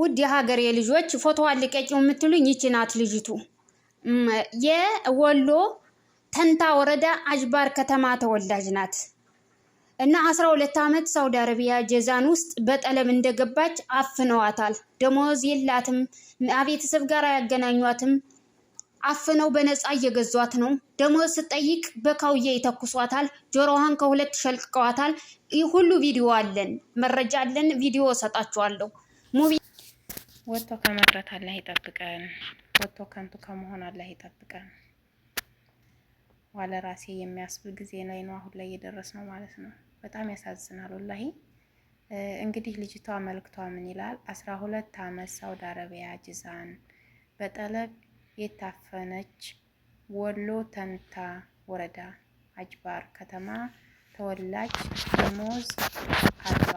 ውድ የሀገሬ ልጆች ፎቶ ልቀቂው የምትሉኝ ይቺ ናት ልጅቱ። የወሎ ተንታ ወረዳ አጅባር ከተማ ተወላጅ ናት እና አስራ ሁለት ዓመት ሳውዲ አረቢያ ጀዛን ውስጥ በጠለም እንደገባች አፍነዋታል። ደሞዝ የላትም፣ ቤተሰብ ጋር አያገናኟትም። አፍነው በነፃ እየገዟት ነው። ደሞዝ ስጠይቅ በካውዬ ይተኩሷታል። ጆሮዋን ከሁለት ሸልቅቀዋታል። ይህ ሁሉ ቪዲዮ አለን፣ መረጃ አለን። ቪዲዮ እሰጣችኋለሁ። ወጥቶ ከመቅረት አላህ ይጠብቀን። ወጥቶ ከንቱ ከመሆን አላህ ይጠብቀን። ዋለራሴ ራሴ የሚያስብል ጊዜ ላይ ነው አሁን ላይ እየደረስ ነው ማለት ነው። በጣም ያሳዝናል ወላሂ። እንግዲህ ልጅቷ መልክቷ ምን ይላል? አስራ ሁለት አመት ሳውዲ አረቢያ ጅዛን በጠለብ የታፈነች ወሎ ተንታ ወረዳ አጅባር ከተማ ተወላጅ ደሞዝ አልባ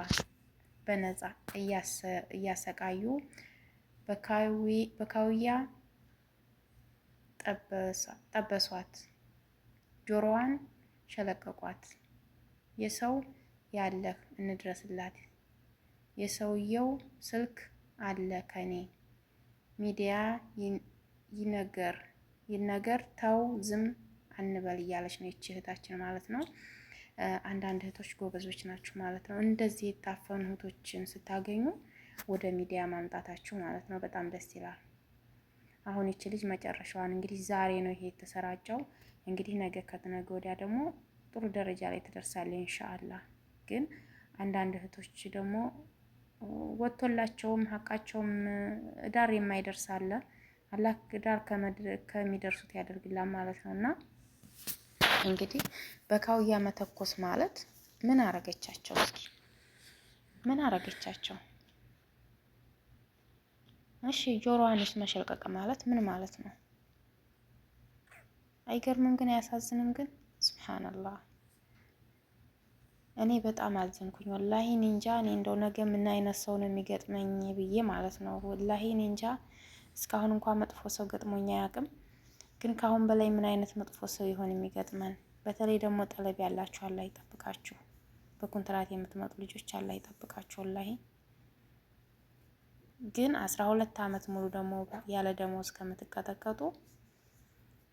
በነጻ እያሰቃዩ በካውያ ጠበሷት፣ ጆሮዋን ሸለቀቋት። የሰው ያለፍ እንድረስላት የሰውየው ስልክ አለ ከኔ ሚዲያ ይነገር ይነገር ተው ዝም አንበል እያለች ነው ይቺ እህታችን ማለት ነው። አንዳንድ እህቶች ጎበዞች ናችሁ ማለት ነው። እንደዚህ የታፈኑ እህቶችን ስታገኙ ወደ ሚዲያ ማምጣታችሁ ማለት ነው። በጣም ደስ ይላል። አሁን ይቺ ልጅ መጨረሻዋን እንግዲህ ዛሬ ነው ይሄ የተሰራጨው። እንግዲህ ነገ ከተነገ ወዲያ ደግሞ ጥሩ ደረጃ ላይ ትደርሳለ ኢንሻአላህ። ግን አንዳንድ እህቶች ደግሞ ወጥቶላቸውም ሀቃቸውም ዳር የማይደርስ አለ። አላህ ዳር ከሚደርሱት ያደርግላል ማለት ነው። እና እንግዲህ በካውያ መተኮስ ማለት ምን አረገቻቸው? እስኪ ምን አረገቻቸው? እሺ ጆሮዋንስ መሸልቀቅ ማለት ምን ማለት ነው? አይገርምም ግን አያሳዝንም ግን ሱብሃንአላህ። እኔ በጣም አዘንኩኝ ወላሂ ኒንጃ። እኔ እንደው ነገ ምን አይነት ሰው ነው የሚገጥመኝ ብዬ ማለት ነው። ወላሂ ኒንጃ እስካሁን እንኳን መጥፎ ሰው ገጥሞኝ አያውቅም። ግን ከአሁን በላይ ምን አይነት መጥፎ ሰው ይሆን የሚገጥመን? በተለይ ደግሞ ጠለብ ያላችሁ አላህ ይጠብቃችሁ። በኮንትራት የምትመጡ ልጆች አላህ ይጠብቃችሁ ወላሂ ግን አስራ ሁለት አመት ሙሉ ደግሞ ያለ ደሞዝ ከምትቀጠቀጡ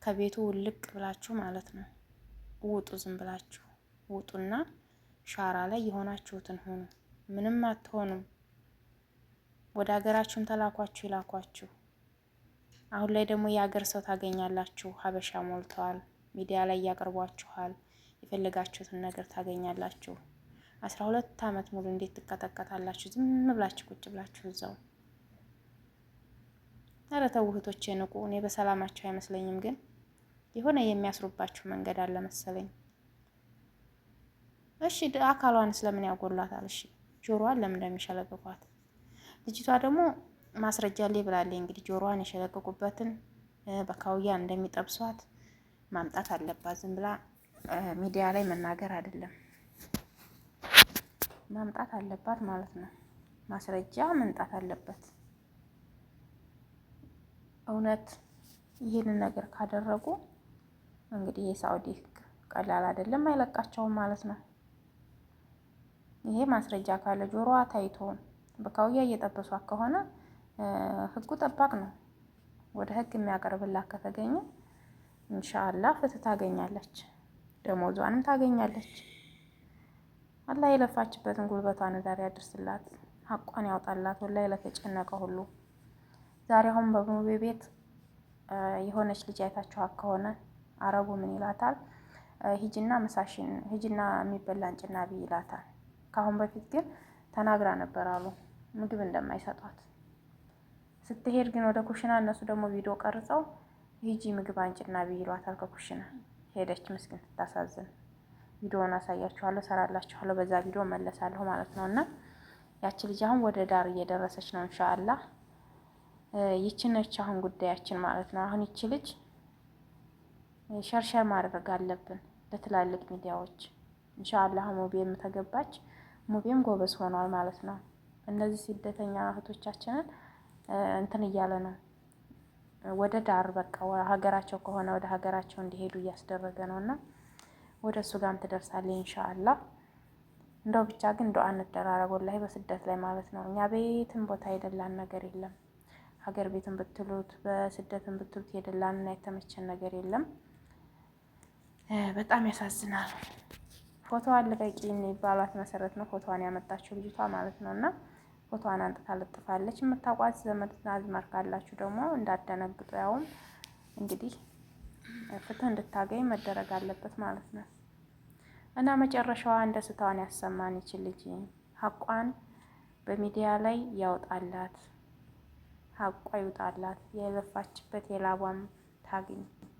ከቤቱ ውልቅ ብላችሁ ማለት ነው ውጡ። ዝም ብላችሁ ውጡና ሻራ ላይ የሆናችሁትን ሁኑ። ምንም አትሆኑም። ወደ ሀገራችሁም ተላኳችሁ ይላኳችሁ። አሁን ላይ ደግሞ የሀገር ሰው ታገኛላችሁ። ሀበሻ ሞልተዋል። ሚዲያ ላይ እያቀርቧችኋል የፈለጋችሁትን ነገር ታገኛላችሁ። አስራ ሁለት አመት ሙሉ እንዴት ትቀጠቀጣላችሁ? ዝም ብላችሁ ቁጭ ብላችሁ እዛው ኧረ ተው እህቶቼ ንቁ። እኔ በሰላማቸው አይመስለኝም፣ ግን የሆነ የሚያስሩባችሁ መንገድ አለ መሰለኝ። እሺ አካሏን ስለምን ያጎሏታል? እሺ ጆሮዋን ለምን እንደሚሸለቅቋት? ልጅቷ ደግሞ ማስረጃ ላይ ብላለ እንግዲህ ጆሮዋን የሸለቅቁበትን በካውያ እንደሚጠብሷት ማምጣት አለባት። ዝም ብላ ሚዲያ ላይ መናገር አይደለም ማምጣት አለባት ማለት ነው። ማስረጃ መምጣት አለበት። እውነት ይህንን ነገር ካደረጉ እንግዲህ የሳዑዲ ህግ ቀላል አይደለም፣ አይለቃቸውም ማለት ነው። ይሄ ማስረጃ ካለ ጆሮዋ ታይቶ በካውያ እየጠበሷት ከሆነ ህጉ ጠባቅ ነው። ወደ ህግ የሚያቀርብላት ከተገኘ ኢንሻአላህ ፍትህ ታገኛለች፣ ደሞዟንም ታገኛለች። አላህ የለፋችበትን ጉልበቷን ዳር ያድርስላት፣ ሀቋን ያውጣላት። ወላሂ ለተጨነቀ ሁሉ ዛሬ አሁን በሙቤ ቤት የሆነች ልጅ አይታችኋት ከሆነ አረቡ ምን ይላታል? ሂጅና መሳሽን ሂጅና የሚበላ እንጭና ይላታል። ከአሁን በፊት ግን ተናግራ ነበር አሉ ምግብ እንደማይሰጧት ስትሄድ ግን ወደ ኩሽና እነሱ ደግሞ ቪዲዮ ቀርጸው ሂጂ ምግብ አንጭና ቢ ይሏታል። ከኩሽና ሄደች። ምስኪን ስታሳዝን። ቪዲዮውን አሳያችኋለሁ፣ ሰራላችኋለሁ፣ በዛ ቪዲዮ መለሳለሁ ማለት ነው። እና ያቺ ልጅ አሁን ወደ ዳር እየደረሰች ነው። እንሻአላ ይችነች አሁን ጉዳያችን ማለት ነው። አሁን ይች ልጅ ሸርሸር ማድረግ አለብን ለትላልቅ ሚዲያዎች። እንሻአላህ ሙቤም ተገባች፣ ሙቤም ጎበዝ ሆኗል ማለት ነው። እነዚህ ስደተኛ እህቶቻችንን እንትን እያለ ነው ወደ ዳር በቃ ሀገራቸው ከሆነ ወደ ሀገራቸው እንዲሄዱ እያስደረገ ነው እና ወደ እሱ ጋርም ትደርሳለች እንሻአላ። እንደው ብቻ ግን እንደው አንደራረግ በስደት ላይ ማለት ነው። እኛ ቤትም ቦታ አይደላን ነገር የለም ሀገር ቤትን ብትሉት በስደትን ብትሉት የደላንና የተመቸን ነገር የለም። በጣም ያሳዝናል። ፎቶዋን ልቀቂ የሚባሏት መሰረት ነው ፎቶዋን ያመጣችው ልጅቷ ማለት ነው። እና ፎቶዋን አንጥታ ለጥፋለች። የምታውቋት ዘመድ አዝማድ ካላችሁ ደግሞ እንዳደነግጡ። ያውም እንግዲህ ፍትህ እንድታገኝ መደረግ አለበት ማለት ነው። እና መጨረሻዋ እንደ ስታዋን ያሰማን ይችል ልጅ ሀቋን በሚዲያ ላይ ያውጣላት። ሀቋ ይውጣላት፣ የለፋችበት የላቧም ታግኝ።